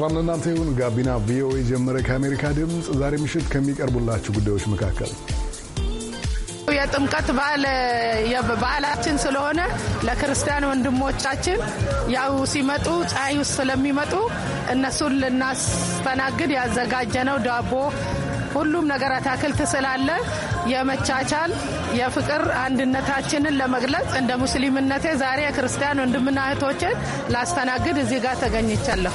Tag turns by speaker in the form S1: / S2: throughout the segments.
S1: ሰላም ለእናንተ ይሁን። ጋቢና ቪኦኤ ጀመረ። ከአሜሪካ ድምፅ ዛሬ ምሽት ከሚቀርቡላችሁ ጉዳዮች መካከል
S2: የጥምቀት በዓል በዓላችን ስለሆነ ለክርስቲያን ወንድሞቻችን ያው ሲመጡ ፀሐይ ውስጥ ስለሚመጡ እነሱን ልናስተናግድ ያዘጋጀነው ዳቦ፣ ሁሉም ነገር አታክልት ስላለ የመቻቻል የፍቅር አንድነታችንን ለመግለጽ እንደ ሙስሊምነቴ ዛሬ የክርስቲያን ወንድምና እህቶችን ላስተናግድ እዚህ ጋር ተገኝቻለሁ።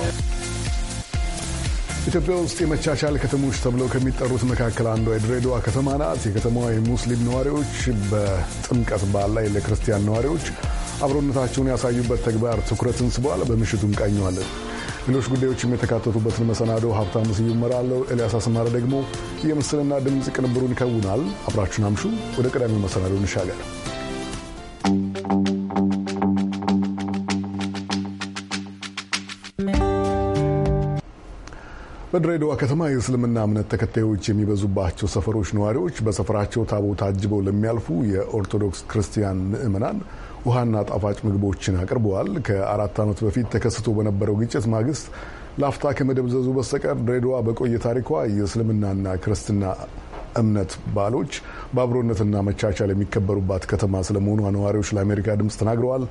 S1: ኢትዮጵያ ውስጥ የመቻቻል ከተሞች ተብለው ከሚጠሩት መካከል አንዷ የድሬዳዋ ከተማ ናት። የከተማዋ የሙስሊም ነዋሪዎች በጥምቀት በዓል ላይ ለክርስቲያን ነዋሪዎች አብሮነታቸውን ያሳዩበት ተግባር ትኩረትን ስቧል። በምሽቱም ቃኘዋለን። ሌሎች ጉዳዮችም የተካተቱበትን መሰናዶ ሀብታሙ ስዩም እመራለሁ። ኤልያስ አስማረ ደግሞ የምስልና ድምፅ ቅንብሩን ይከውናል። አብራችሁን አምሹ። ወደ ቀዳሚው መሰናዶ እንሻገር። በድሬዳዋ ከተማ የእስልምና እምነት ተከታዮች የሚበዙባቸው ሰፈሮች ነዋሪዎች በሰፈራቸው ታቦት አጅበው ለሚያልፉ የኦርቶዶክስ ክርስቲያን ምዕመናን ውሃና ጣፋጭ ምግቦችን አቅርበዋል። ከአራት ዓመት በፊት ተከስቶ በነበረው ግጭት ማግስት ላፍታ ከመደብዘዙ በስተቀር ድሬዳዋ በቆየ ታሪኳ የእስልምናና ክርስትና እምነት ባሎች በአብሮነትና መቻቻል የሚከበሩባት ከተማ ስለመሆኗ ነዋሪዎች ለአሜሪካ ድምፅ ተናግረዋል።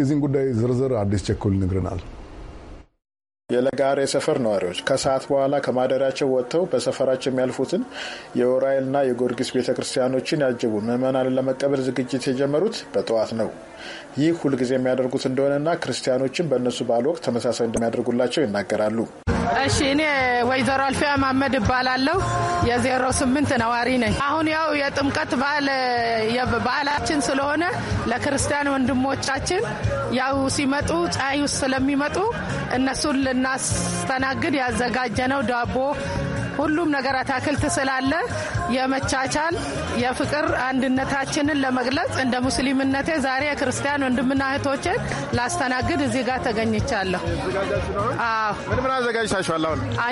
S1: የዚህን ጉዳይ ዝርዝር አዲስ ቸኮል ይነግረናል።
S3: የለጋር የሰፈር ነዋሪዎች ከሰዓት በኋላ ከማደሪያቸው ወጥተው በሰፈራቸው የሚያልፉትን የዑራኤልና የጊዮርጊስ ቤተ ክርስቲያኖችን ያጀቡ ምዕመናንን ለመቀበል ዝግጅት የጀመሩት በጠዋት ነው። ይህ ሁልጊዜ የሚያደርጉት እንደሆነና ክርስቲያኖችን በእነሱ በዓል ወቅት ተመሳሳይ እንደሚያደርጉላቸው ይናገራሉ።
S2: እሺ፣ እኔ ወይዘሮ አልፊያ ማመድ እባላለሁ። የዜሮ ስምንት ነዋሪ ነኝ። አሁን ያው የጥምቀት በዓል ባህላችን ስለሆነ ለክርስቲያን ወንድሞቻችን ያው ሲመጡ ፀሐይ ውስጥ ስለሚመጡ እነሱን ልናስተናግድ ያዘጋጀ ነው። ዳቦ ሁሉም ነገር አታክልት ስላለ የመቻቻል የፍቅር አንድነታችንን ለመግለጽ እንደ ሙስሊምነቴ ዛሬ የክርስቲያን ወንድምና እህቶችን ላስተናግድ እዚህ ጋር ተገኝቻለሁ።
S3: ምን ምን አዘጋጅታችኋል?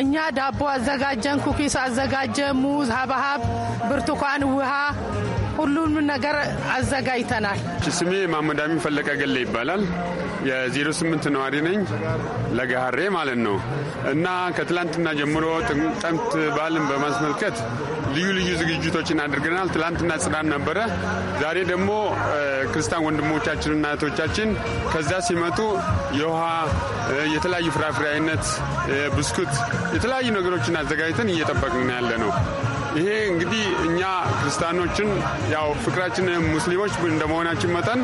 S2: እኛ ዳቦ አዘጋጀን፣ ኩኪስ አዘጋጀ፣ ሙዝ፣ ሀብሀብ፣ ብርቱካን፣ ውሃ ሁሉም ነገር አዘጋጅተናል።
S4: ስሜ ማመዳሚ ፈለቀ ገለ ይባላል። የ08 ነዋሪ ነኝ ለገሀሬ ማለት ነው። እና ከትላንትና ጀምሮ ጥምቀት በዓልን በማስመልከት ልዩ ልዩ ዝግጅቶችን አድርገናል። ትላንትና ጽዳን ነበረ። ዛሬ ደግሞ ክርስቲያን ወንድሞቻችንና እህቶቻችን ከዛ ሲመጡ የውሃ የተለያዩ ፍራፍሬ አይነት፣ ብስኩት፣ የተለያዩ ነገሮችን አዘጋጅተን እየጠበቅን ያለ ነው። ይሄ እንግዲህ እኛ ክርስቲያኖችን ያው ፍቅራችን ሙስሊሞች እንደመሆናችን መጠን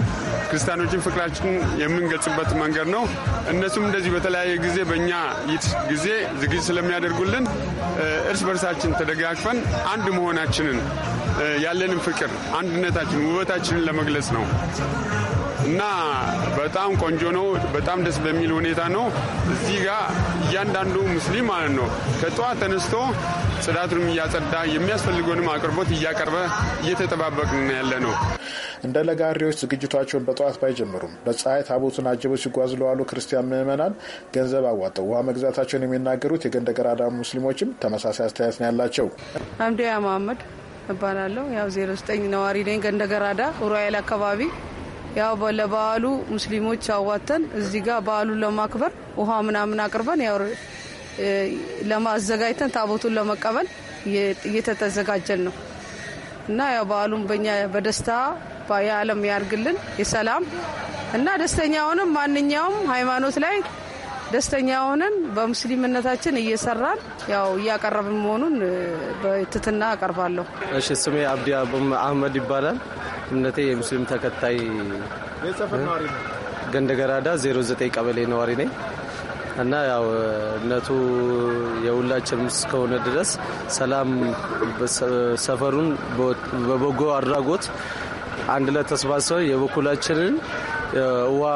S4: ክርስቲያኖችን ፍቅራችን የምንገልጽበት መንገድ ነው። እነሱም እንደዚህ በተለያየ ጊዜ በእኛ ይት ጊዜ ዝግጅት ስለሚያደርጉልን እርስ በርሳችን ተደጋግፈን አንድ መሆናችንን ያለንን ፍቅር አንድነታችን ውበታችንን ለመግለጽ ነው። እና በጣም ቆንጆ ነው። በጣም ደስ በሚል ሁኔታ ነው። እዚህ ጋር እያንዳንዱ ሙስሊም ማለት ነው ከጠዋት ተነስቶ ጽዳቱንም እያጸዳ የሚያስፈልገውንም አቅርቦት እያቀረበ እየተጠባበቅን ያለ ነው።
S3: እንደ ለጋሪዎች ዝግጅታቸውን በጠዋት ባይጀምሩም በፀሐይ ታቦቱን አጅበው ሲጓዙ ለዋሉ ክርስቲያን ምዕመናን ገንዘብ አዋጠው ውሃ መግዛታቸውን የሚናገሩት የገንደ ገራዳ ሙስሊሞችም ተመሳሳይ አስተያየት ነው ያላቸው።
S2: አምዲያ መሀመድ እባላለሁ። ያው ዜሮ ዘጠኝ ነዋሪ ነኝ ገንደ ገራዳ አካባቢ ያው ለበዓሉ ሙስሊሞች አዋተን እዚህ ጋር በዓሉን ለማክበር ውሃ ምናምን አቅርበን ያው ለማዘጋጅተን ታቦቱን ለመቀበል እየተዘጋጀን ነው እና ያው በዓሉን በኛ በደስታ የዓለም ያርግልን የሰላም እና ደስተኛ ማንኛውም ሃይማኖት ላይ ደስተኛ ሆነን በሙስሊምነታችን እየሰራን ያው እያቀረብን መሆኑን በትትና አቀርባለሁ።
S5: እሺ፣ ስሜ አብዲ አህመድ ይባላል። እምነቴ የሙስሊም ተከታይ ገንደገራዳ 09 ቀበሌ ነዋሪ ነኝ እና ያው እምነቱ የሁላችንም እስከሆነ ድረስ ሰላም ሰፈሩን በበጎ አድራጎት አንድ ላይ ተሰባስበን የበኩላችንን ውሃ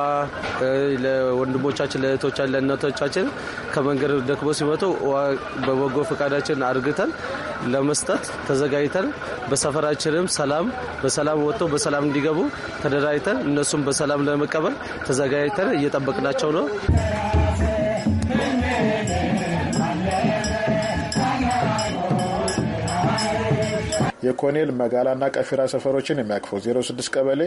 S5: ለወንድሞቻችን፣ ለእህቶቻችን፣ ለእናቶቻችን ከመንገድ ደክሞ ሲመጡ ውሃ በበጎ ፈቃዳችን አድርግተን ለመስጠት ተዘጋጅተን በሰፈራችንም ሰላም በሰላም ወጥተው በሰላም እንዲገቡ ተደራጅተን እነሱም በሰላም ለመቀበል ተዘጋጅተን እየጠበቅናቸው ነው።
S3: የኮኔል መጋላና ቀፊራ ሰፈሮችን የሚያቅፈው 06 ቀበሌ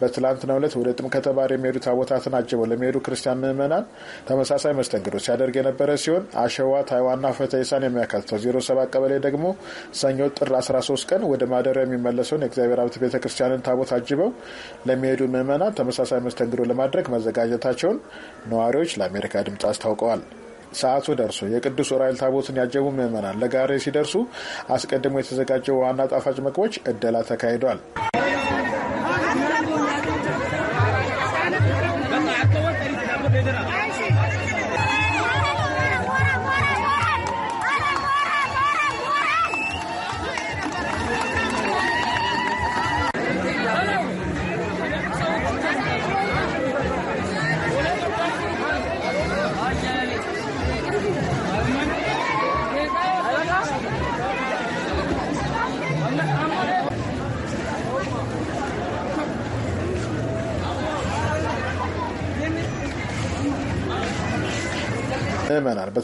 S3: በትላንትናው ዕለት ወደ ጥምቀተ ባሕር የሚሄዱ ታቦታትን አጅበው ለሚሄዱ ክርስቲያን ምዕመናን ተመሳሳይ መስተንግዶ ሲያደርግ የነበረ ሲሆን አሸዋ ታይዋንና ፈተይሳን የሚያካትተው 07 ቀበሌ ደግሞ ሰኞ ጥር 13 ቀን ወደ ማደሪያ የሚመለሰውን የእግዚአብሔር ሀብት ቤተ ክርስቲያንን ታቦት አጅበው ለሚሄዱ ምዕመናን ተመሳሳይ መስተንግዶ ለማድረግ መዘጋጀታቸውን ነዋሪዎች ለአሜሪካ ድምፅ አስታውቀዋል። ሰዓቱ ደርሶ የቅዱስ ዑራኤል ታቦትን ያጀቡ ምዕመናን ለጋሬ ሲደርሱ አስቀድሞ የተዘጋጀው ዋና ጣፋጭ ምግቦች እደላ ተካሂዷል።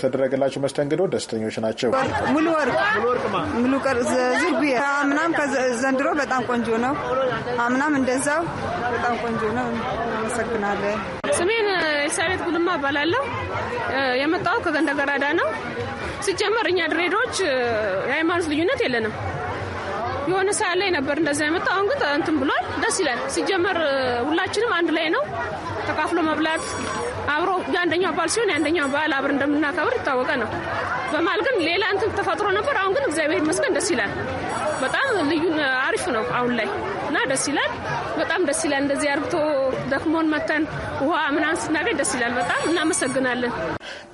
S3: በተደረገላቸው መስተንግዶ ደስተኞች ናቸው። ሙሉ
S2: ወርቅ
S6: አምናም ዘንድሮ በጣም ቆንጆ ነው።
S2: አምናም እንደዛው በጣም ቆንጆ ነው። አመሰግናለን። ስሜን ኤልሳቤት ጉልማ እባላለሁ። የመጣው ከገንደ ገራዳ ነው። ሲጀመር እኛ ድሬዳዎች የሃይማኖት ልዩነት የለንም። የሆነ ሰዓት ላይ ነበር እንደዚ የመጣው። አሁን ግን እንትን ብሏል። ደስ ይላል። ሲጀመር ሁላችንም አንድ ላይ ነው። ተካፍሎ መብላት አብሮ የአንደኛው በዓል ሲሆን የአንደኛው በዓል አብር እንደምናከብር ይታወቀ ነው። በመሀል ግን ሌላ እንትን ተፈጥሮ ነበር። አሁን ግን እግዚአብሔር ይመስገን ደስ ይላል። በጣም ልዩ አሪፍ ነው አሁን ላይ እና ደስ ይላል። በጣም ደስ ይላል። እንደዚህ አርብቶ ደክሞን መተን ውሃ ምናምን ስናገኝ ደስ ይላል። በጣም እናመሰግናለን።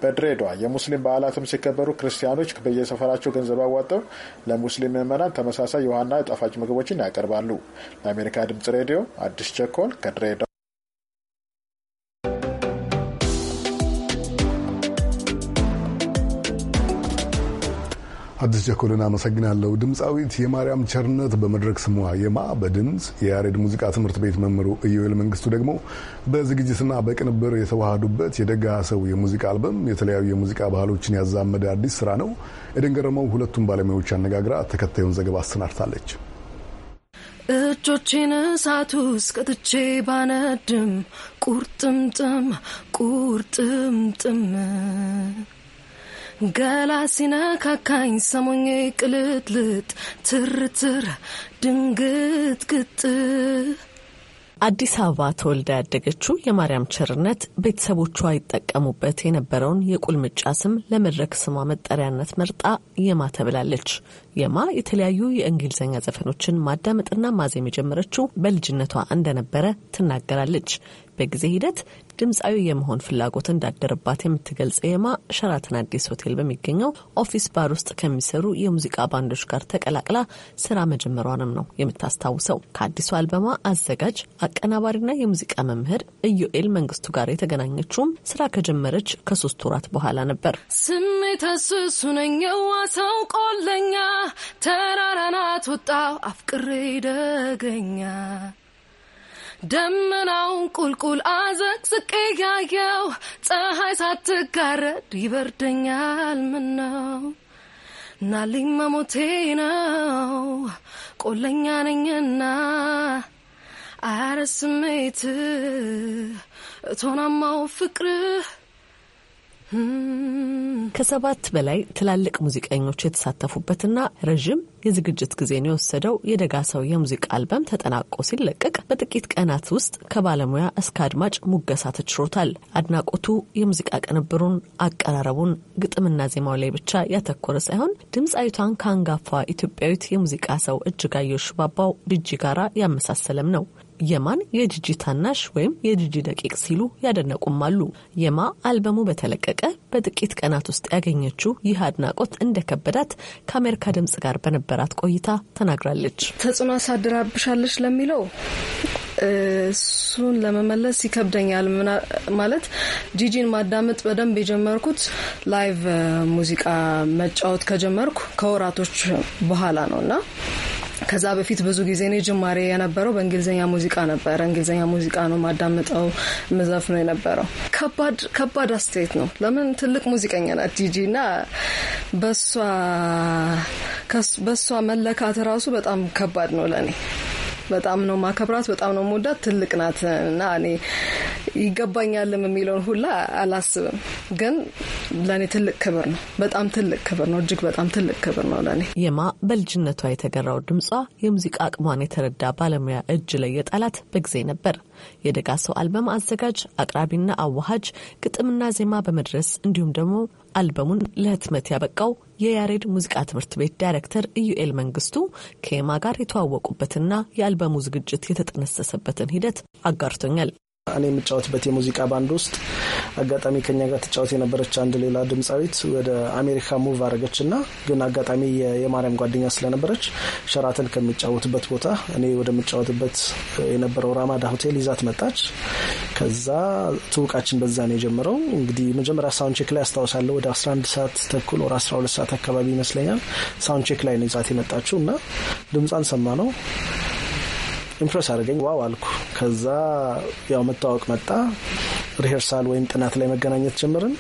S3: በድሬዳዋ የሙስሊም በዓላትም ሲከበሩ ክርስቲያኖች በየሰፈራቸው ገንዘብ አዋጠው ለሙስሊም ምዕመናን ተመሳሳይ የውሃና ጣፋጭ ምግቦችን ያቀርባሉ። ለአሜሪካ ድምጽ ሬዲዮ አዲስ ቸኮል ከድሬዳዋ
S1: አዲስ ጀኮልን አመሰግናለሁ። ድምፃዊት የማርያም ቸርነት በመድረክ ስሟ የማ በድምፅ የያሬድ ሙዚቃ ትምህርት ቤት መምህሩ ኢዮኤል መንግስቱ ደግሞ በዝግጅትና በቅንብር የተዋሃዱበት የደጋ ሰው የሙዚቃ አልበም የተለያዩ የሙዚቃ ባህሎችን ያዛመደ አዲስ ስራ ነው። ኤደን ገረመው ሁለቱም ባለሙያዎች አነጋግራ ተከታዩን ዘገባ አሰናድታለች።
S6: እጆቼን እሳት ውስጥ ባነድም ቁርጥምጥም ቁርጥምጥም ገላ ሲነካካኝ ሰሞኜ ቅልጥልጥ ትርትር ድንግጥግጥ
S7: አዲስ አበባ ተወልዳ ያደገችው የማርያም ቸርነት ቤተሰቦቿ ይጠቀሙበት የነበረውን የቁልምጫ ስም ለመድረክ ስሟ መጠሪያነት መርጣ የማ ተብላለች። የማ የተለያዩ የእንግሊዝኛ ዘፈኖችን ማዳመጥና ማዜም የጀመረችው በልጅነቷ እንደነበረ ትናገራለች። በጊዜ ሂደት ድምፃዊ የመሆን ፍላጎት እንዳደረባት የምትገልጽ የማ ሸራተን አዲስ ሆቴል በሚገኘው ኦፊስ ባር ውስጥ ከሚሰሩ የሙዚቃ ባንዶች ጋር ተቀላቅላ ስራ መጀመሯንም ነው የምታስታውሰው። ከአዲሱ አልበማ አዘጋጅ አቀናባሪና የሙዚቃ መምህር ኢዮኤል መንግስቱ ጋር የተገናኘችውም ስራ ከጀመረች ከሶስት ወራት በኋላ ነበር።
S6: ስሜት ሰው ቆለኛ ተራራናት ወጣው አፍቅሬ ደገኛ ደመናውን ቁልቁል አዘቅዝቅ ያየው ፀሐይ ሳትጋረድ ይበርደኛል ነው ናልኝ መሞቴ ነው ቆለኛ ነኝና አያረ ስሜት እቶናማው ፍቅርህ
S7: ከሰባት በላይ ትላልቅ ሙዚቀኞች የተሳተፉበትና ረዥም የዝግጅት ጊዜን የወሰደው የደጋ ሰው የሙዚቃ አልበም ተጠናቆ ሲለቀቅ በጥቂት ቀናት ውስጥ ከባለሙያ እስከ አድማጭ ሙገሳ ተችሮታል። አድናቆቱ የሙዚቃ ቅንብሩን፣ አቀራረቡን፣ ግጥምና ዜማው ላይ ብቻ ያተኮረ ሳይሆን ድምፃዊቷን ከአንጋፋ ኢትዮጵያዊት የሙዚቃ ሰው እጅጋየሁ ሽባባው ጅጂ ጋራ ያመሳሰለም ነው። የማን የጂጂ ታናሽ ወይም የጂጂ ደቂቅ ሲሉ ያደነቁም አሉ። የማ አልበሙ በተለቀቀ በጥቂት ቀናት ውስጥ ያገኘችው ይህ አድናቆት እንደከበዳት ከአሜሪካ ድምጽ ጋር በነበራት ቆይታ ተናግራለች።
S6: ተጽዕኖ አሳድራብሻለች ለሚለው እሱን ለመመለስ ይከብደኛል። ማለት ጂጂን ማዳመጥ በደንብ የጀመርኩት ላይቭ ሙዚቃ መጫወት ከጀመርኩ ከወራቶች በኋላ ነው እና ከዛ በፊት ብዙ ጊዜ እኔ ጅማሬ የነበረው በእንግሊዝኛ ሙዚቃ ነበረ። እንግሊዝኛ ሙዚቃ ነው ማዳምጠው ምዘፍ ነው የነበረው። ከባድ ከባድ አስተያየት ነው። ለምን ትልቅ ሙዚቀኛ ናት ጂጂ እና በሷ መለካት ራሱ በጣም ከባድ ነው ለእኔ በጣም ነው ማከብራት፣ በጣም ነው መወዳት። ትልቅ ናት እና እኔ ይገባኛልም የሚለውን ሁላ አላስብም፣ ግን ለእኔ ትልቅ ክብር ነው። በጣም ትልቅ ክብር ነው። እጅግ በጣም ትልቅ ክብር ነው ለእኔ።
S7: የማ በልጅነቷ የተገራው ድምጿ የሙዚቃ አቅሟን የተረዳ ባለሙያ እጅ ላይ የጣላት በጊዜ ነበር። የደጋ ሰው አልበም አዘጋጅ አቅራቢና አዋሃጅ ግጥምና ዜማ በመድረስ እንዲሁም ደግሞ አልበሙን ለህትመት ያበቃው የያሬድ ሙዚቃ ትምህርት ቤት ዳይሬክተር ኢዩኤል መንግስቱ ከኤማ ጋር የተዋወቁበትና የአልበሙ ዝግጅት
S5: የተጠነሰሰበትን ሂደት አጋርቶኛል። እኔ የምጫወትበት የሙዚቃ ባንድ ውስጥ አጋጣሚ ከኛ ጋር ትጫወት የነበረች አንድ ሌላ ድምፃዊት ወደ አሜሪካ ሙቭ አደረገች እና ግን አጋጣሚ የማርያም ጓደኛ ስለነበረች ሸራተን ከሚጫወትበት ቦታ እኔ ወደምጫወትበት የነበረው ራማዳ ሆቴል ይዛት መጣች። ከዛ ትውቃችን በዛ ነው የጀመረው። እንግዲህ መጀመሪያ ሳውንቼክ ላይ አስታውሳለሁ ወደ 11 ሰዓት ተኩል ወደ 12 ሰዓት አካባቢ ይመስለኛል ሳውንቼክ ላይ ነው ይዛት የመጣችው እና ድምፃን ሰማ ነው ኢምፕረስ አድርገኝ ዋው አልኩ። ከዛ ያው መታወቅ መጣ። ሪሄርሳል ወይም ጥናት ላይ መገናኘት ጀምርን።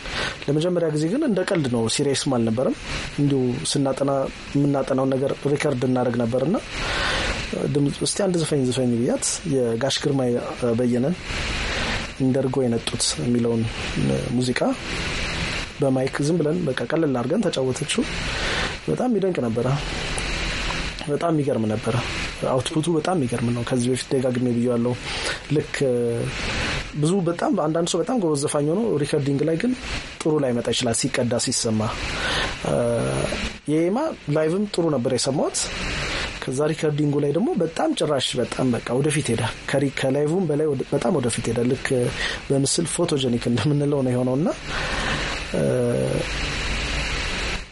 S5: ለመጀመሪያ ጊዜ ግን እንደ ቀልድ ነው፣ ሲሪየስም አልነበርም። እንዲሁ ስናጠና የምናጠናውን ነገር ሪከርድ እናደርግ ነበርና ድምፅ እስቲ አንድ ዝፈኝ ዝፈኝ ብያት የጋሽ ግርማ በየነን እንደርጎ የነጡት የሚለውን ሙዚቃ በማይክ ዝም ብለን በቃ ቀለል አድርገን ተጫወተችው። በጣም ይደንቅ ነበረ። በጣም ይገርም ነበረ። አውትፑቱ በጣም የሚገርም ነው። ከዚህ በፊት ደጋግሜ ብያለሁ። ልክ ብዙ በጣም አንዳንድ ሰው በጣም ጎበዝ ዘፋኝ ሆኖ ሪከርዲንግ ላይ ግን ጥሩ ላይ መጣ ይችላል ሲቀዳ ሲሰማ። የኤማ ላይቭም ጥሩ ነበር የሰማሁት። ከዛ ሪከርዲንጉ ላይ ደግሞ በጣም ጭራሽ በጣም በቃ ወደፊት ሄዳ ከላይቭም በላይ በጣም ወደፊት ሄዳ ልክ በምስል ፎቶጀኒክ እንደምንለው ነው የሆነው እና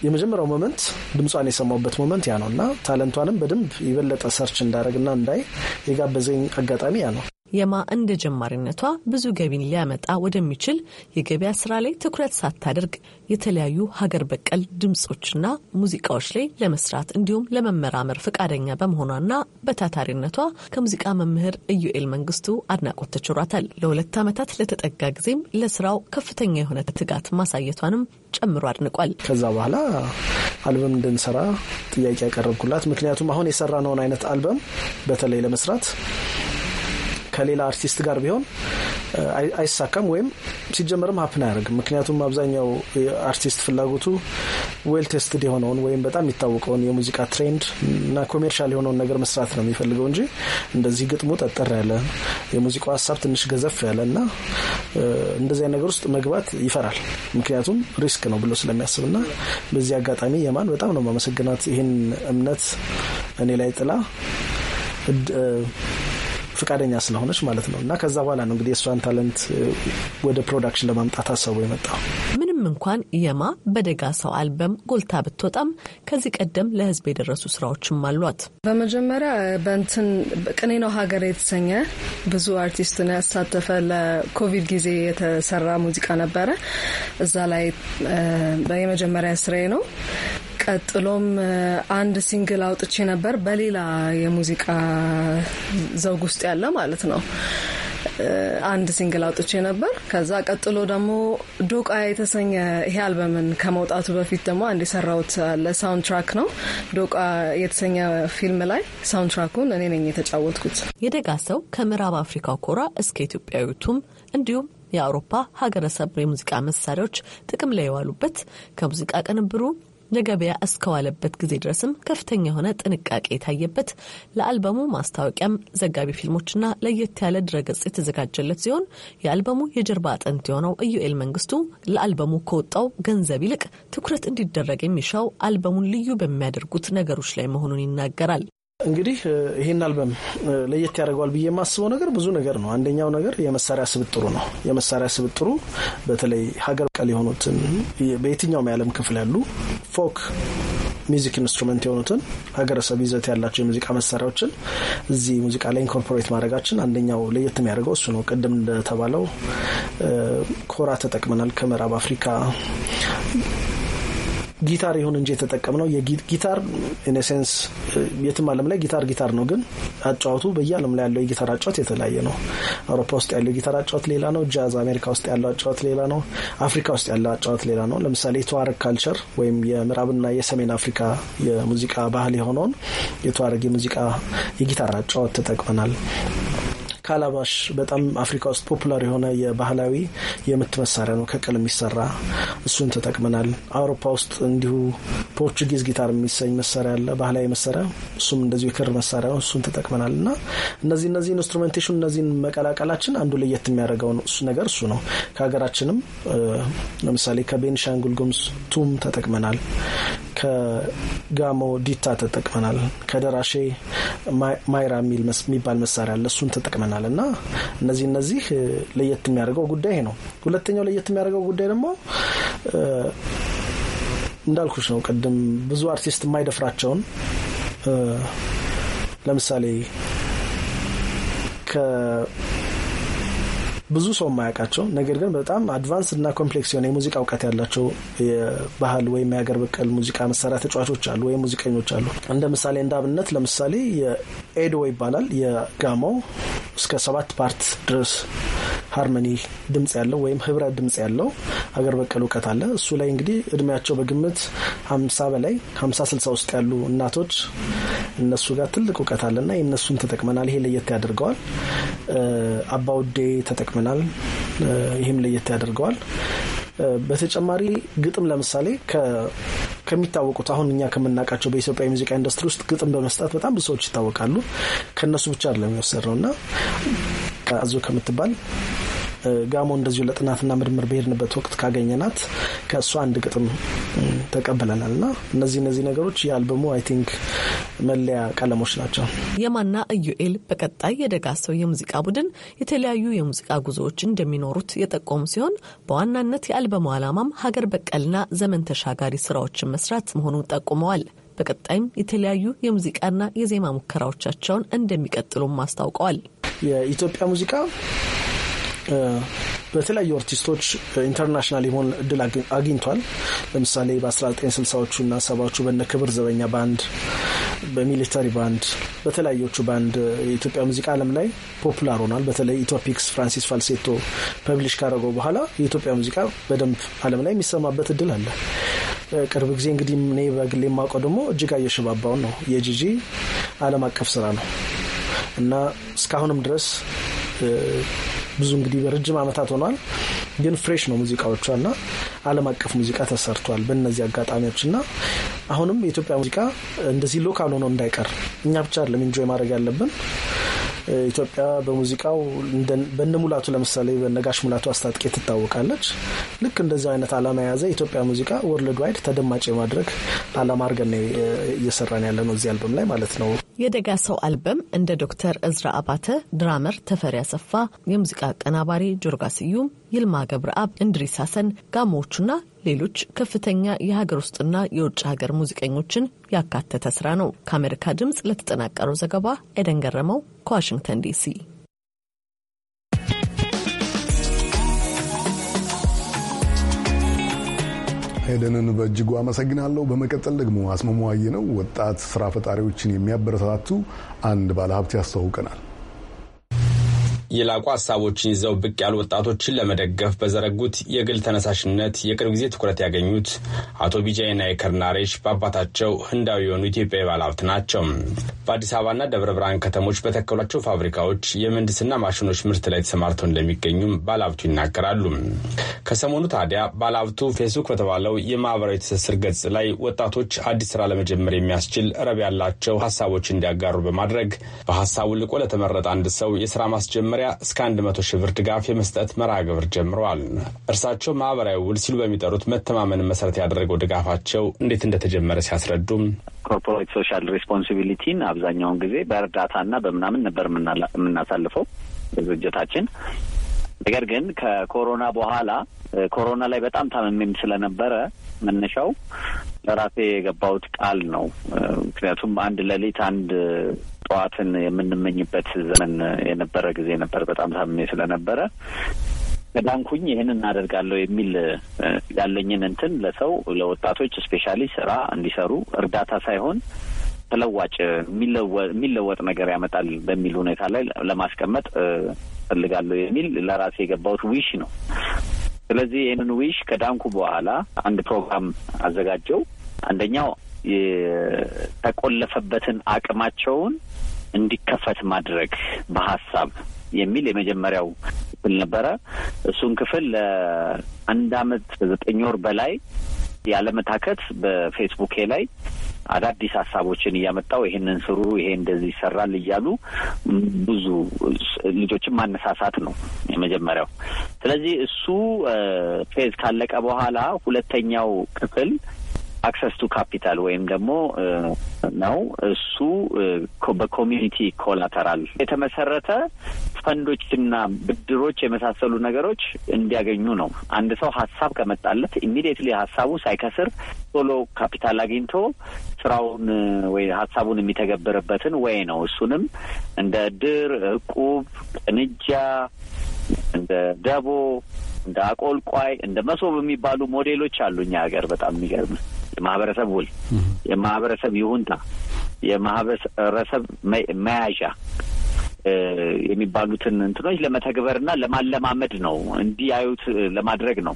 S5: የመጀመሪያው ሞመንት ድምጿን የሰማሁበት ሞመንት ያ ነው እና ታለንቷንም በደንብ የበለጠ ሰርች እንዳደረግና እንዳይ የጋበዘኝ አጋጣሚ ያ ነው።
S7: የማ እንደ ጀማሪነቷ ብዙ ገቢን ሊያመጣ ወደሚችል የገበያ ስራ ላይ ትኩረት ሳታደርግ የተለያዩ ሀገር በቀል ድምፆችና ሙዚቃዎች ላይ ለመስራት እንዲሁም ለመመራመር ፈቃደኛ በመሆኗና በታታሪነቷ ከሙዚቃ መምህር ኢዩኤል መንግስቱ አድናቆት ተችሯታል። ለሁለት ዓመታት ለተጠጋ ጊዜም ለስራው ከፍተኛ የሆነ ትጋት ማሳየቷንም ጨምሮ አድንቋል። ከዛ በኋላ
S5: አልበም እንድንሰራ ጥያቄ ያቀረብኩላት፣ ምክንያቱም አሁን የሰራነውን አይነት አልበም በተለይ ለመስራት ከሌላ አርቲስት ጋር ቢሆን አይሳካም ወይም ሲጀመርም ሀፕን አያደርግም። ምክንያቱም አብዛኛው አርቲስት ፍላጎቱ ዌል ቴስትድ የሆነውን ወይም በጣም የሚታወቀውን የሙዚቃ ትሬንድ እና ኮሜርሻል የሆነውን ነገር መስራት ነው የሚፈልገው እንጂ እንደዚህ ግጥሙ ጠጠር ያለ የሙዚቃው ሀሳብ ትንሽ ገዘፍ ያለ እና እንደዚያ ነገር ውስጥ መግባት ይፈራል። ምክንያቱም ሪስክ ነው ብሎ ስለሚያስብ እና በዚህ አጋጣሚ የማን በጣም ነው ማመሰግናት ይህን እምነት እኔ ላይ ጥላ ፍቃደኛ ስለሆነች ማለት ነው። እና ከዛ በኋላ ነው እንግዲህ የእሷን ታለንት ወደ ፕሮዳክሽን ለማምጣት አሰቡ የመጣው።
S7: ምንም እንኳን የማ በደጋ ሰው አልበም ጎልታ ብትወጣም ከዚህ ቀደም ለህዝብ የደረሱ ስራዎችም አሏት።
S6: በመጀመሪያ በንትን ቅኔ ነው ሀገር የተሰኘ ብዙ አርቲስትን ያሳተፈ ለኮቪድ ጊዜ የተሰራ ሙዚቃ ነበረ። እዛ ላይ የመጀመሪያ ስራዬ ነው። ቀጥሎም አንድ ሲንግል አውጥቼ ነበር በሌላ የሙዚቃ ዘውግ ውስጥ ያለ ማለት ነው። አንድ ሲንግል አውጥቼ ነበር። ከዛ ቀጥሎ ደግሞ ዶቃ የተሰኘ ይሄ አልበምን ከመውጣቱ በፊት ደግሞ አንድ የሰራሁት ሳውንድ ትራክ ነው። ዶቃ የተሰኘ ፊልም ላይ ሳውንድ ትራኩን እኔ ነኝ የተጫወትኩት። የደጋ
S7: ሰው ከምዕራብ አፍሪካው ኮራ እስከ ኢትዮጵያዊቱም እንዲሁም የአውሮፓ ሀገረሰብ የሙዚቃ መሳሪያዎች ጥቅም ላይ የዋሉበት ከሙዚቃ ቅንብሩ ለገበያ እስከዋለበት ጊዜ ድረስም ከፍተኛ የሆነ ጥንቃቄ የታየበት ለአልበሙ ማስታወቂያም ዘጋቢ ፊልሞችና ለየት ያለ ድረገጽ የተዘጋጀለት ሲሆን የአልበሙ የጀርባ አጥንት የሆነው ኢዩኤል መንግስቱ ለአልበሙ ከወጣው ገንዘብ ይልቅ ትኩረት እንዲደረግ የሚሻው አልበሙን ልዩ
S5: በሚያደርጉት ነገሮች ላይ መሆኑን ይናገራል። እንግዲህ ይህን አልበም ለየት ያደርገዋል ብዬ የማስበው ነገር ብዙ ነገር ነው። አንደኛው ነገር የመሳሪያ ስብጥሩ ነው። የመሳሪያ ስብጥሩ በተለይ ሀገር በቀል የሆኑትን በየትኛውም የዓለም ክፍል ያሉ ፎክ ሚዚክ ኢንስትሩመንት የሆኑትን ሀገረሰብ ይዘት ያላቸው የሙዚቃ መሳሪያዎችን እዚህ ሙዚቃ ላይ ኢንኮርፖሬት ማድረጋችን አንደኛው ለየት የሚያደርገው እሱ ነው። ቅድም እንደተባለው ኮራ ተጠቅመናል ከምዕራብ አፍሪካ ጊታር ይሁን እንጂ የተጠቀምነው ጊታር ኢነሴንስ የትም ዓለም ላይ ጊታር ጊታር ነው። ግን አጫዋቱ በየዓለም ላይ ያለው የጊታር አጫዋት የተለያየ ነው። አውሮፓ ውስጥ ያለው የጊታር አጫወት ሌላ ነው። ጃዝ አሜሪካ ውስጥ ያለው አጫዋት ሌላ ነው። አፍሪካ ውስጥ ያለው አጫዋት ሌላ ነው። ለምሳሌ የተዋረግ ካልቸር ወይም የምዕራብና የሰሜን አፍሪካ የሙዚቃ ባህል የሆነውን የተዋረግ የሙዚቃ የጊታር አጫዋት ተጠቅመናል። ካላባሽ በጣም አፍሪካ ውስጥ ፖፑላር የሆነ የባህላዊ የምት መሳሪያ ነው፣ ከቅል የሚሰራ እሱን ተጠቅመናል። አውሮፓ ውስጥ እንዲሁ ፖርቹጊዝ ጊታር የሚሰኝ መሳሪያ አለ፣ ባህላዊ መሳሪያ፣ እሱም እንደዚሁ የክር መሳሪያ ነው፣ እሱን ተጠቅመናል። እና እነዚህ እነዚህ ኢንስትሩሜንቴሽን እነዚህን መቀላቀላችን አንዱ ለየት የሚያደርገው ነገር እሱ ነው። ከሀገራችንም ለምሳሌ ከቤንሻንጉል ጉሙዝ ቱም ተጠቅመናል። ከጋሞ ዲታ ተጠቅመናል። ከደራሼ ማይራ የሚባል መሳሪያ አለ። እሱን ተጠቅመናል እና እነዚህ እነዚህ ለየት የሚያደርገው ጉዳይ ነው። ሁለተኛው ለየት የሚያደርገው ጉዳይ ደግሞ እንዳልኩሽ ነው ቅድም ብዙ አርቲስት የማይደፍራቸውን ለምሳሌ ብዙ ሰው የማያውቃቸው ነገር ግን በጣም አድቫንስ እና ኮምፕሌክስ የሆነ የሙዚቃ እውቀት ያላቸው የባህል ወይም የሀገር በቀል ሙዚቃ መሳሪያ ተጫዋቾች አሉ ወይም ሙዚቀኞች አሉ። እንደ ምሳሌ እንደ አብነት ለምሳሌ የኤዶ ይባላል የጋማው እስከ ሰባት ፓርት ድረስ ሃርመኒ ድምጽ ያለው ወይም ህብረት ድምጽ ያለው አገር በቀል እውቀት አለ። እሱ ላይ እንግዲህ እድሜያቸው በግምት ሀምሳ በላይ ሀምሳ ስልሳ ውስጥ ያሉ እናቶች እነሱ ጋር ትልቅ እውቀት አለና የእነሱን ተጠቅመናል። ይሄ ለየት ያደርገዋል። አባውዴ ተጠቅመናል። ይህም ለየት ያደርገዋል። በተጨማሪ ግጥም ለምሳሌ ከሚታወቁት አሁን እኛ ከምናውቃቸው በኢትዮጵያ የሙዚቃ ኢንዱስትሪ ውስጥ ግጥም በመስጠት በጣም ብዙ ሰዎች ይታወቃሉ። ከእነሱ ብቻ አይደለም የወሰድነው እና አዞ ከምትባል ጋሞ እንደዚሁ ለጥናትና ምርምር በሄድንበት ወቅት ካገኘናት ከእሱ አንድ ግጥም ተቀብለናል እና እነዚህ እነዚህ ነገሮች የአልበሙ አይ ቲንክ መለያ ቀለሞች ናቸው። የማና ኢዩኤል በቀጣይ የደጋሰው
S7: የሙዚቃ ቡድን የተለያዩ የሙዚቃ ጉዞዎች እንደሚኖሩት የጠቆሙ ሲሆን በዋናነት የአልበሙ ዓላማም ሀገር በቀልና ዘመን ተሻጋሪ ስራዎችን መስራት መሆኑን ጠቁመዋል። በቀጣይም የተለያዩ የሙዚቃና የዜማ ሙከራዎቻቸውን እንደሚቀጥሉም አስታውቀዋል።
S5: የኢትዮጵያ ሙዚቃ በተለያዩ አርቲስቶች ኢንተርናሽናል የሆን እድል አግኝቷል። ለምሳሌ በ1960ዎቹ እና ሰባዎቹ በነ ክብር ዘበኛ ባንድ፣ በሚሊተሪ ባንድ፣ በተለያዮቹ ባንድ የኢትዮጵያ ሙዚቃ ዓለም ላይ ፖፑላር ሆኗል። በተለይ ኢትዮፒክስ ፍራንሲስ ፋልሴቶ ፐብሊሽ ካደረገው በኋላ የኢትዮጵያ ሙዚቃ በደንብ ዓለም ላይ የሚሰማበት እድል አለ። ቅርብ ጊዜ እንግዲህ እኔ በግሌ የማውቀው ደግሞ እጅጋየሁ ሽባባውን ነው። የጂጂ ዓለም አቀፍ ስራ ነው። እና እስካሁንም ድረስ ብዙ እንግዲህ በረጅም ዓመታት ሆኗል፣ ግን ፍሬሽ ነው ሙዚቃዎቿ እና ዓለም አቀፍ ሙዚቃ ተሰርቷል በእነዚህ አጋጣሚዎች እና አሁንም የኢትዮጵያ ሙዚቃ እንደዚህ ሎካል ሆኖ እንዳይቀር እኛ ብቻ አይደለም ኢንጆይ ማድረግ ያለብን። ኢትዮጵያ በሙዚቃው በነ ሙላቱ ለምሳሌ በነጋሽ ሙላቱ አስታጥቄ ትታወቃለች። ልክ እንደዚህ አይነት አላማ የያዘ የኢትዮጵያ ሙዚቃ ወርልድ ዋይድ ተደማጭ የማድረግ አላማ አድርገን እየሰራን ያለ ነው እዚህ አልበም ላይ ማለት ነው። የደጋ ሰው አልበም እንደ ዶክተር እዝራ አባተ፣
S7: ድራመር ተፈሪ አሰፋ፣ የሙዚቃ አቀናባሪ ጆርጋ ስዩም፣ ይልማ ገብረአብ፣ እንድሪስ ሀሰን፣ ጋሞዎቹና ሌሎች ከፍተኛ የሀገር ውስጥና የውጭ ሀገር ሙዚቀኞችን ያካተተ ስራ ነው። ከአሜሪካ ድምፅ ለተጠናቀረው ዘገባ ኤደን ገረመው ከዋሽንግተን ዲሲ
S1: ሄደንን በእጅጉ አመሰግናለሁ። በመቀጠል ደግሞ አስመሟዬ ነው ወጣት ስራ ፈጣሪዎችን የሚያበረታቱ አንድ ባለሀብት ያስተዋውቀናል።
S8: የላቁ ሀሳቦችን ይዘው ብቅ ያሉ ወጣቶችን ለመደገፍ በዘረጉት የግል ተነሳሽነት የቅርብ ጊዜ ትኩረት ያገኙት አቶ ቢጃይና የከርናሬሽ በአባታቸው ህንዳዊ የሆኑ ኢትዮጵያዊ ባለሀብት ናቸው። በአዲስ አበባና ደብረ ብርሃን ከተሞች በተከሏቸው ፋብሪካዎች የምህንድስና ማሽኖች ምርት ላይ ተሰማርተው እንደሚገኙም ባለሀብቱ ይናገራሉ። ከሰሞኑ ታዲያ ባለሀብቱ ፌስቡክ በተባለው የማህበራዊ ትስስር ገጽ ላይ ወጣቶች አዲስ ስራ ለመጀመር የሚያስችል ረብ ያላቸው ሀሳቦች እንዲያጋሩ በማድረግ በሀሳቡ ልቆ ለተመረጠ አንድ ሰው የስራ ማስጀመሪያ ማብራሪያ እስከ 100 ሺህ ብር ድጋፍ የመስጠት መርሃ ግብር ጀምረዋል። እርሳቸው ማህበራዊ ውል ሲሉ በሚጠሩት መተማመንን መሰረት ያደረገው ድጋፋቸው እንዴት እንደተጀመረ ሲያስረዱም ኮርፖሬት ሶሻል ሬስፖንሲቢሊቲን አብዛኛውን ጊዜ በእርዳታና በምናምን ነበር የምናሳልፈው
S9: ድርጅታችን። ነገር ግን ከኮሮና በኋላ ኮሮና ላይ በጣም ታመሜም ስለነበረ መነሻው ለራሴ የገባሁት ቃል ነው። ምክንያቱም አንድ ሌሊት አንድ ጠዋትን የምንመኝበት ዘመን የነበረ ጊዜ ነበር። በጣም ታምሜ ስለነበረ ከዳንኩኝ ይህንን እናደርጋለሁ የሚል ያለኝን እንትን ለሰው ለወጣቶች ስፔሻሊ ስራ እንዲሰሩ እርዳታ ሳይሆን ተለዋጭ የሚለወጥ ነገር ያመጣል በሚል ሁኔታ ላይ ለማስቀመጥ ፈልጋለሁ የሚል ለራሴ የገባሁት ዊሽ ነው። ስለዚህ ይህንን ዊሽ ከዳንኩ በኋላ አንድ ፕሮግራም አዘጋጀው። አንደኛው የተቆለፈበትን አቅማቸውን እንዲከፈት ማድረግ በሀሳብ የሚል የመጀመሪያው ክፍል ነበረ። እሱን ክፍል ለአንድ አመት ዘጠኝ ወር በላይ ያለመታከት በፌስቡኬ ላይ አዳዲስ ሀሳቦችን እያመጣው ይሄንን ስሩ፣ ይሄ እንደዚህ ይሰራል እያሉ ብዙ ልጆችን ማነሳሳት ነው የመጀመሪያው። ስለዚህ እሱ ፌዝ ካለቀ በኋላ ሁለተኛው ክፍል አክሰስ ቱ ካፒታል ወይም ደግሞ ነው። እሱ በኮሚኒቲ ኮላተራል የተመሰረተ ፈንዶችና ብድሮች የመሳሰሉ ነገሮች እንዲያገኙ ነው። አንድ ሰው ሀሳብ ከመጣለት ኢሚዲየትሊ ሀሳቡ ሳይከስር ቶሎ ካፒታል አግኝቶ ስራውን ወይ ሀሳቡን የሚተገብርበትን ወይ ነው። እሱንም እንደ እድር፣ እቁብ፣ ቅንጃ፣ እንደ ደቦ፣ እንደ አቆልቋይ፣ እንደ መሶብ የሚባሉ ሞዴሎች አሉ እኛ ሀገር በጣም የሚገርም የማህበረሰብ ውል፣ የማህበረሰብ ይሁንታ፣ የማህበረሰብ መያዣ የሚባሉትን እንትኖች ለመተግበርና ለማለማመድ ነው፣ እንዲያዩት ለማድረግ ነው።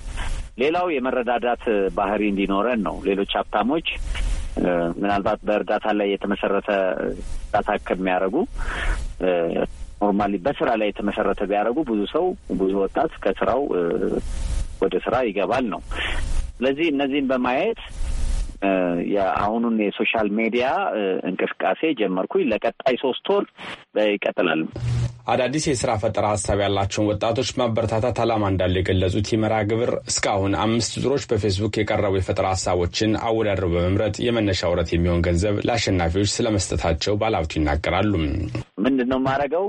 S9: ሌላው የመረዳዳት ባህሪ እንዲኖረን ነው። ሌሎች ሀብታሞች ምናልባት በእርዳታ ላይ የተመሰረተ እርዳታ ከሚያደርጉ ኖርማሊ በስራ ላይ የተመሰረተ ቢያደርጉ ብዙ ሰው ብዙ ወጣት ከስራው ወደ ስራ ይገባል ነው። ስለዚህ እነዚህን በማየት የአሁኑን የሶሻል
S8: ሜዲያ እንቅስቃሴ ጀመርኩኝ። ለቀጣይ ሶስት ወር ይቀጥላል። አዳዲስ የስራ ፈጠራ ሀሳብ ያላቸውን ወጣቶች ማበረታታት ዓላማ እንዳለው የገለጹት የመራ ግብር እስካሁን አምስት ዙሮች በፌስቡክ የቀረቡ የፈጠራ ሀሳቦችን አወዳድረው በመምረጥ የመነሻ ውረት የሚሆን ገንዘብ ለአሸናፊዎች ስለመስጠታቸው ባለሀብቱ ይናገራሉ። ምንድን ነው የማደርገው?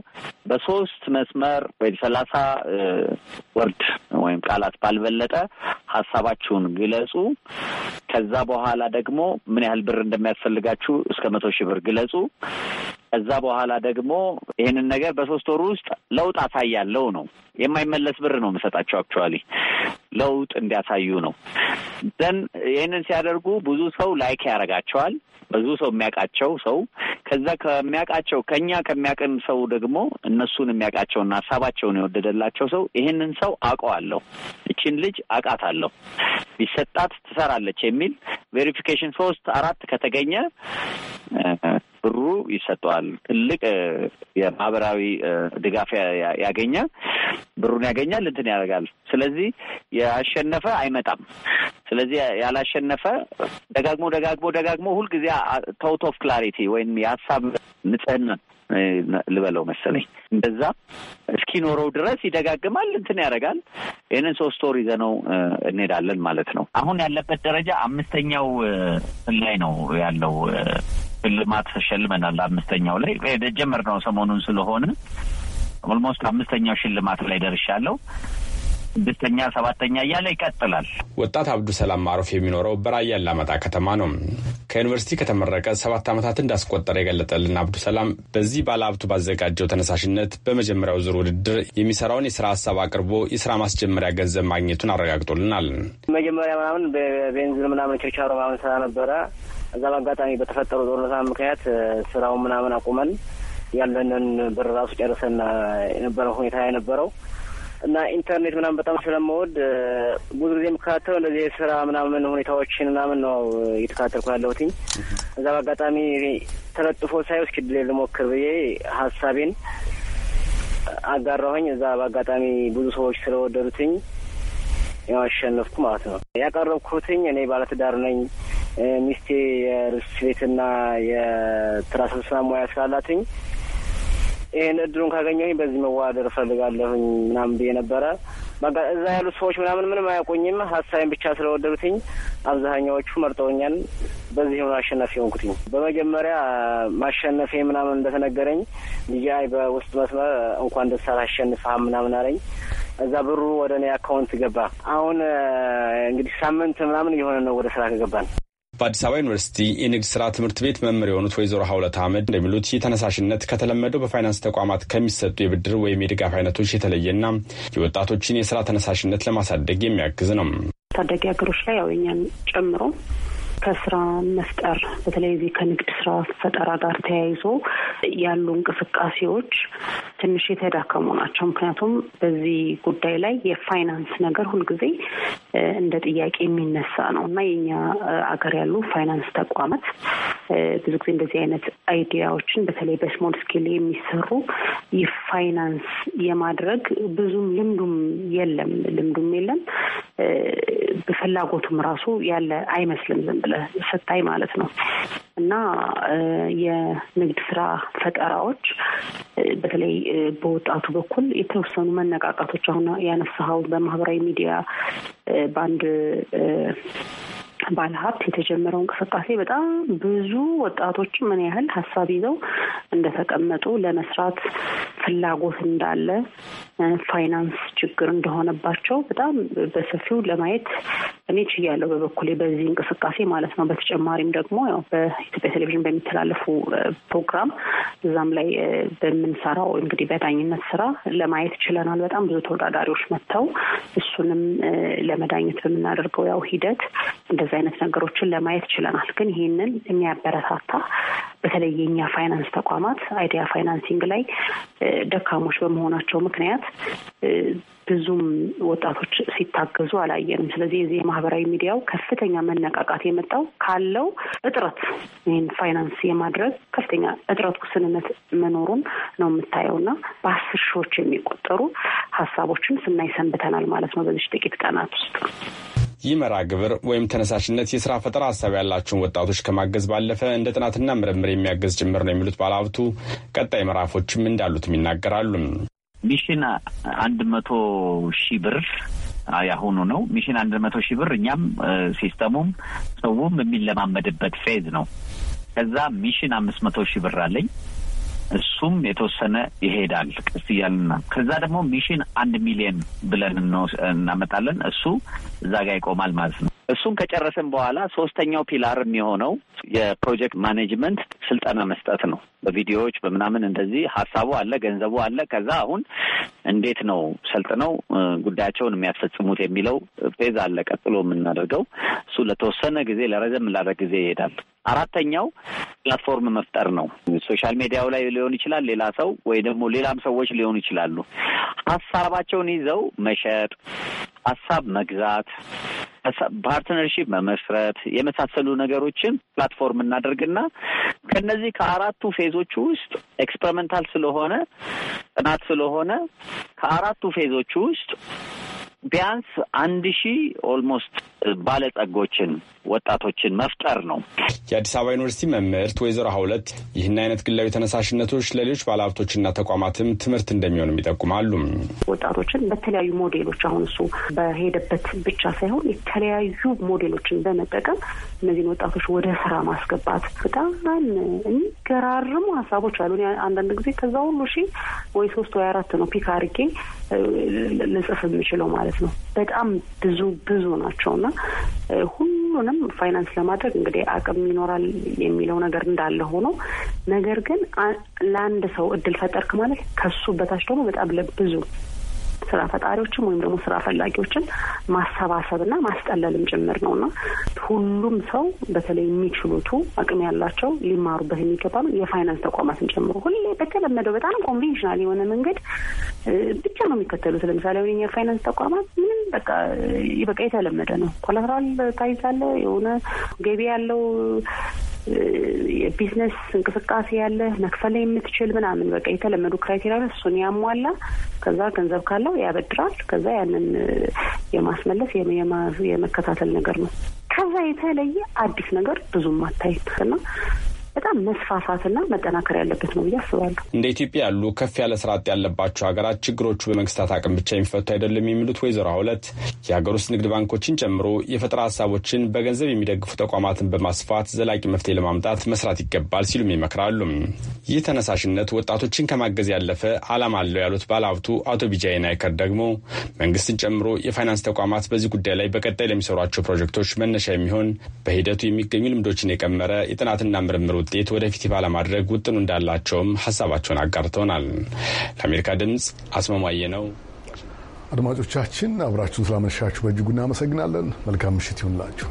S8: በሶስት መስመር ወይ ሰላሳ ወርድ ወይም ቃላት ባልበለጠ
S9: ሀሳባችሁን ግለጹ። ከዛ በኋላ ደግሞ ምን ያህል ብር እንደሚያስፈልጋችሁ እስከ መቶ ሺህ ብር ግለጹ። ከዛ በኋላ ደግሞ ይህንን ነገር በሶስት ወር ውስጥ ለውጥ አሳያለው ነው። የማይመለስ ብር ነው የምሰጣቸው። አክቹዋሊ ለውጥ እንዲያሳዩ ነው። ዘን ይህንን ሲያደርጉ ብዙ ሰው ላይክ ያደርጋቸዋል። ብዙ ሰው የሚያውቃቸው ሰው ከዛ ከሚያውቃቸው ከእኛ ከሚያውቅን ሰው ደግሞ እነሱን የሚያውቃቸውና ሀሳባቸውን የወደደላቸው ሰው ይህንን ሰው አውቀዋለሁ፣ እችን ልጅ አውቃታለሁ፣ ቢሰጣት ትሰራለች የሚል ቬሪፊኬሽን ሶስት አራት ከተገኘ ብሩ ይሰጠዋል። ትልቅ የማህበራዊ ድጋፍ ያገኛል። ብሩን ያገኛል፣ እንትን ያደርጋል። ስለዚህ ያሸነፈ አይመጣም። ስለዚህ ያላሸነፈ ደጋግሞ ደጋግሞ ደጋግሞ ሁልጊዜ ታውት ኦፍ ክላሪቲ ወይም የሀሳብ ንጽህና ልበለው መሰለኝ እንደዛ እስኪኖረው ድረስ ይደጋግማል፣ እንትን ያደርጋል። ይህንን ሶስት ወር ይዘነው እንሄዳለን ማለት ነው። አሁን ያለበት ደረጃ አምስተኛው ላይ ነው ያለው ሽልማት ተሸልመናል። አምስተኛው ላይ ነው ሰሞኑን ስለሆነ
S8: ኦልሞስት አምስተኛው ሽልማት ላይ ደርሻለሁ። ስድስተኛ፣ ሰባተኛ እያለ ይቀጥላል። ወጣት አብዱ ሰላም የሚኖረው በራያ አላማጣ ከተማ ነው። ከዩኒቨርሲቲ ከተመረቀ ሰባት ዓመታት እንዳስቆጠረ የገለጠልን አብዱ ሰላም በዚህ ባለሀብቱ ባዘጋጀው ተነሳሽነት በመጀመሪያው ዙር ውድድር የሚሰራውን የስራ ሀሳብ አቅርቦ የስራ ማስጀመሪያ ገንዘብ ማግኘቱን አረጋግጦልናል።
S10: መጀመሪያ ምናምን በቤንዚን ምናምን ችርቻሮ ምናምን ስራ ነበረ እዛ በአጋጣሚ በተፈጠሩ ጦርነታ ምክንያት ስራው ምናምን አቁመን ያለንን ብር ራሱ ጨርሰን የነበረው ሁኔታ የነበረው እና ኢንተርኔት ምናምን በጣም ስለምወድ ብዙ ጊዜ የምከታተው እንደዚህ የስራ ምናምን ሁኔታዎችን ምናምን ነው እየተከታተልኩ ያለሁትኝ። እዛ በአጋጣሚ ተለጥፎ ሳይ እስኪ ድሌ ልሞክር ብዬ ሀሳቤን አጋራሁኝ። እዛ በአጋጣሚ ብዙ ሰዎች ስለወደዱትኝ ያው አሸነፍኩ ማለት ነው። ያቀረብኩትኝ እኔ ባለትዳር ነኝ ሚስቴ ቤትና የትራስ ልስና ሙያ ስላላትኝ ይህን እድሉን ካገኘሁኝ በዚህ መዋደር እፈልጋለሁኝ ምናምን ብዬ ነበረ። በቃ እዛ ያሉት ሰዎች ምናምን ምንም አያውቁኝም። ሀሳቤን ብቻ ስለወደዱትኝ አብዛኛዎቹ መርጠውኛል። በዚህ ሆኖ አሸናፊ ሆንኩትኝ። በመጀመሪያ ማሸነፌ ምናምን እንደተነገረኝ ልጃይ በውስጥ መስመር እንኳን ደስ አለህ አሸንፈሃል ምናምን አለኝ። እዛ ብሩ ወደ እኔ አካውንት ገባ። አሁን እንግዲህ ሳምንት ምናምን እየሆነ ነው ወደ ስራ ከገባን
S8: በአዲስ አበባ ዩኒቨርሲቲ የንግድ ስራ ትምህርት ቤት መምህር የሆኑት ወይዘሮ ሀውለት አህመድ እንደሚሉት የተነሳሽነት ተነሳሽነት ከተለመደው በፋይናንስ ተቋማት ከሚሰጡ የብድር ወይም የድጋፍ አይነቶች የተለየና የወጣቶችን የስራ ተነሳሽነት ለማሳደግ የሚያግዝ ነው።
S11: ታዳጊ ሀገሮች ላይ ያው የኛን ጨምሮ ከስራ መፍጠር በተለይ ከንግድ ስራ ፈጠራ ጋር ተያይዞ ያሉ እንቅስቃሴዎች ትንሽ የተዳከሙ ናቸው። ምክንያቱም በዚህ ጉዳይ ላይ የፋይናንስ ነገር ሁልጊዜ እንደ ጥያቄ የሚነሳ ነው እና የኛ አገር ያሉ ፋይናንስ ተቋማት ብዙ ጊዜ እንደዚህ አይነት አይዲያዎችን በተለይ በስሞል ስኬል የሚሰሩ ፋይናንስ የማድረግ ብዙም ልምዱም የለም ልምዱም የለም ፍላጎቱም ራሱ ያለ አይመስልም ዝም ብለህ ስታይ ማለት ነው እና የንግድ ስራ ፈጠራዎች በተለይ በወጣቱ በኩል የተወሰኑ መነቃቃቶች አሁን ያነሳኸው በማህበራዊ ሚዲያ በአንድ ባለሀብት የተጀመረው እንቅስቃሴ በጣም ብዙ ወጣቶች ምን ያህል ሀሳብ ይዘው እንደተቀመጡ ለመስራት ፍላጎት እንዳለ ፋይናንስ ችግር እንደሆነባቸው በጣም በሰፊው ለማየት እኔ ችያለሁ በበኩሌ በዚህ እንቅስቃሴ ማለት ነው። በተጨማሪም ደግሞ ያው በኢትዮጵያ ቴሌቪዥን በሚተላለፉ ፕሮግራም እዛም ላይ በምንሰራው እንግዲህ በዳኝነት ስራ ለማየት ችለናል። በጣም ብዙ ተወዳዳሪዎች መጥተው እሱንም ለመዳኘት በምናደርገው ያው ሂደት እንደዚህ አይነት ነገሮችን ለማየት ችለናል። ግን ይህንን የሚያበረታታ በተለይ የኛ ፋይናንስ ተቋማት አይዲያ ፋይናንሲንግ ላይ ደካሞች በመሆናቸው ምክንያት ብዙም ወጣቶች ሲታገዙ አላየንም። ስለዚህ የዚህ የማህበራዊ ሚዲያው ከፍተኛ መነቃቃት የመጣው ካለው እጥረት ይህን ፋይናንስ የማድረግ ከፍተኛ እጥረት ውስንነት መኖሩን ነው የምታየው እና በአስር ሺዎች የሚቆጠሩ ሀሳቦችን ስናይ ሰንብተናል ማለት ነው በዚች ጥቂት ቀናት ውስጥ
S8: ይህ መርሃ ግብር ወይም ተነሳሽነት የስራ ፈጠራ ሀሳብ ያላቸውን ወጣቶች ከማገዝ ባለፈ እንደ ጥናትና ምርምር የሚያገዝ ጭምር ነው የሚሉት ባለሀብቱ ቀጣይ ምዕራፎችም እንዳሉትም ይናገራሉ። ሚሽን አንድ መቶ ሺህ ብር ያሁኑ ነው። ሚሽን አንድ መቶ
S9: ሺህ ብር እኛም ሲስተሙም ሰውም የሚለማመድበት ፌዝ ነው። ከዛ ሚሽን አምስት መቶ ሺህ ብር አለኝ እሱም የተወሰነ ይሄዳል ቀስ እያልና ከዛ ደግሞ ሚሽን አንድ ሚሊየን ብለን እናመጣለን። እሱ እዛ ጋ ይቆማል ማለት ነው። እሱን ከጨረስን በኋላ ሶስተኛው ፒላር የሚሆነው የፕሮጀክት ማኔጅመንት ስልጠና መስጠት ነው። በቪዲዮዎች በምናምን እንደዚህ ሀሳቡ አለ፣ ገንዘቡ አለ። ከዛ አሁን እንዴት ነው ሰልጥነው ጉዳያቸውን የሚያስፈጽሙት የሚለው ፌዝ አለ። ቀጥሎ የምናደርገው እሱ ለተወሰነ ጊዜ ለረዘም ላለ ጊዜ ይሄዳል። አራተኛው ፕላትፎርም መፍጠር ነው። ሶሻል ሚዲያው ላይ ሊሆን ይችላል፣ ሌላ ሰው ወይ ደግሞ ሌላም ሰዎች ሊሆኑ ይችላሉ። ሀሳባቸውን ይዘው መሸጥ፣ ሀሳብ መግዛት ፓርትነርሺፕ መመስረት የመሳሰሉ ነገሮችን ፕላትፎርም እናደርግና ከነዚህ ከአራቱ ፌዞች ውስጥ ኤክስፐሪመንታል ስለሆነ ጥናት ስለሆነ ከአራቱ ፌዞች ውስጥ ቢያንስ አንድ ሺህ ኦልሞስት
S8: ባለጸጎችን ወጣቶችን መፍጠር ነው። የአዲስ አበባ ዩኒቨርሲቲ መምህርት ወይዘሮ ሀውለት ይህን አይነት ግላዊ ተነሳሽነቶች ለሌሎች ባለሀብቶችና ተቋማትም ትምህርት እንደሚሆንም ይጠቁማሉ። ወጣቶችን
S11: በተለያዩ ሞዴሎች አሁን እሱ በሄደበት ብቻ ሳይሆን የተለያዩ ሞዴሎችን በመጠቀም እነዚህን ወጣቶች ወደ ስራ ማስገባት በጣም የሚገራርሙ ሀሳቦች አሉ። አንዳንድ ጊዜ ከዛ ሁሉ ሺህ ወይ ሶስት ወይ አራት ነው ፒክ አድርጌ ልጽፍ የምችለው ማለት ነው። በጣም ብዙ ብዙ ናቸው እና ሁሉንም ፋይናንስ ለማድረግ እንግዲህ አቅም ይኖራል የሚለው ነገር እንዳለ ሆኖ ነገር ግን ለአንድ ሰው እድል ፈጠርክ ማለት ከሱ በታች ደግሞ በጣም ብዙ ስራ ፈጣሪዎችን ወይም ደግሞ ስራ ፈላጊዎችን ማሰባሰብና ማስጠለልም ጭምር ነው እና ሁሉም ሰው በተለይ የሚችሉቱ አቅም ያላቸው ሊማሩበት የሚገባ ነው። የፋይናንስ ተቋማትን ጨምሮ ሁሌ በተለመደው በጣም ኮንቬንሽናል የሆነ መንገድ ብቻ ነው የሚከተሉት። ለምሳሌ አሁን የፋይናንስ ተቋማት ምንም በቃ በቃ የተለመደ ነው። ኮላተራል ታይዛለ የሆነ ገቢ ያለው የቢዝነስ እንቅስቃሴ ያለ መክፈል የምትችል ምናምን በቃ የተለመዱ ክራይቴሪያ እሱን ያሟላ ከዛ ገንዘብ ካለው ያበድራል። ከዛ ያንን የማስመለስ የመከታተል ነገር ነው። ከዛ የተለየ አዲስ ነገር ብዙም አታይም እና በጣም መስፋፋትና መጠናከር ያለበት ነው ብዬ አስባለሁ።
S8: እንደ ኢትዮጵያ ያሉ ከፍ ያለ ስራ አጥ ያለባቸው ሀገራት ችግሮቹ በመንግስታት አቅም ብቻ የሚፈቱ አይደለም የሚሉት ወይዘሮ ሁለት የሀገር ውስጥ ንግድ ባንኮችን ጨምሮ የፈጠራ ሀሳቦችን በገንዘብ የሚደግፉ ተቋማትን በማስፋት ዘላቂ መፍትሄ ለማምጣት መስራት ይገባል ሲሉም ይመክራሉ። ይህ ተነሳሽነት ወጣቶችን ከማገዝ ያለፈ አላማ አለው ያሉት ባለሀብቱ አቶ ቢጃይ ናይከር ደግሞ መንግስትን ጨምሮ የፋይናንስ ተቋማት በዚህ ጉዳይ ላይ በቀጣይ ለሚሰሯቸው ፕሮጀክቶች መነሻ የሚሆን በሂደቱ የሚገኙ ልምዶችን የቀመረ የጥናትና ምርምር ውጤት ወደፊት ባለማድረግ ውጥኑ እንዳላቸውም ሀሳባቸውን አጋርተውናል። ለአሜሪካ ድምፅ አስማማየ ነው።
S1: አድማጮቻችን አብራችሁን ስላመሻችሁ በእጅጉ እናመሰግናለን። መልካም ምሽት ይሁንላችሁ።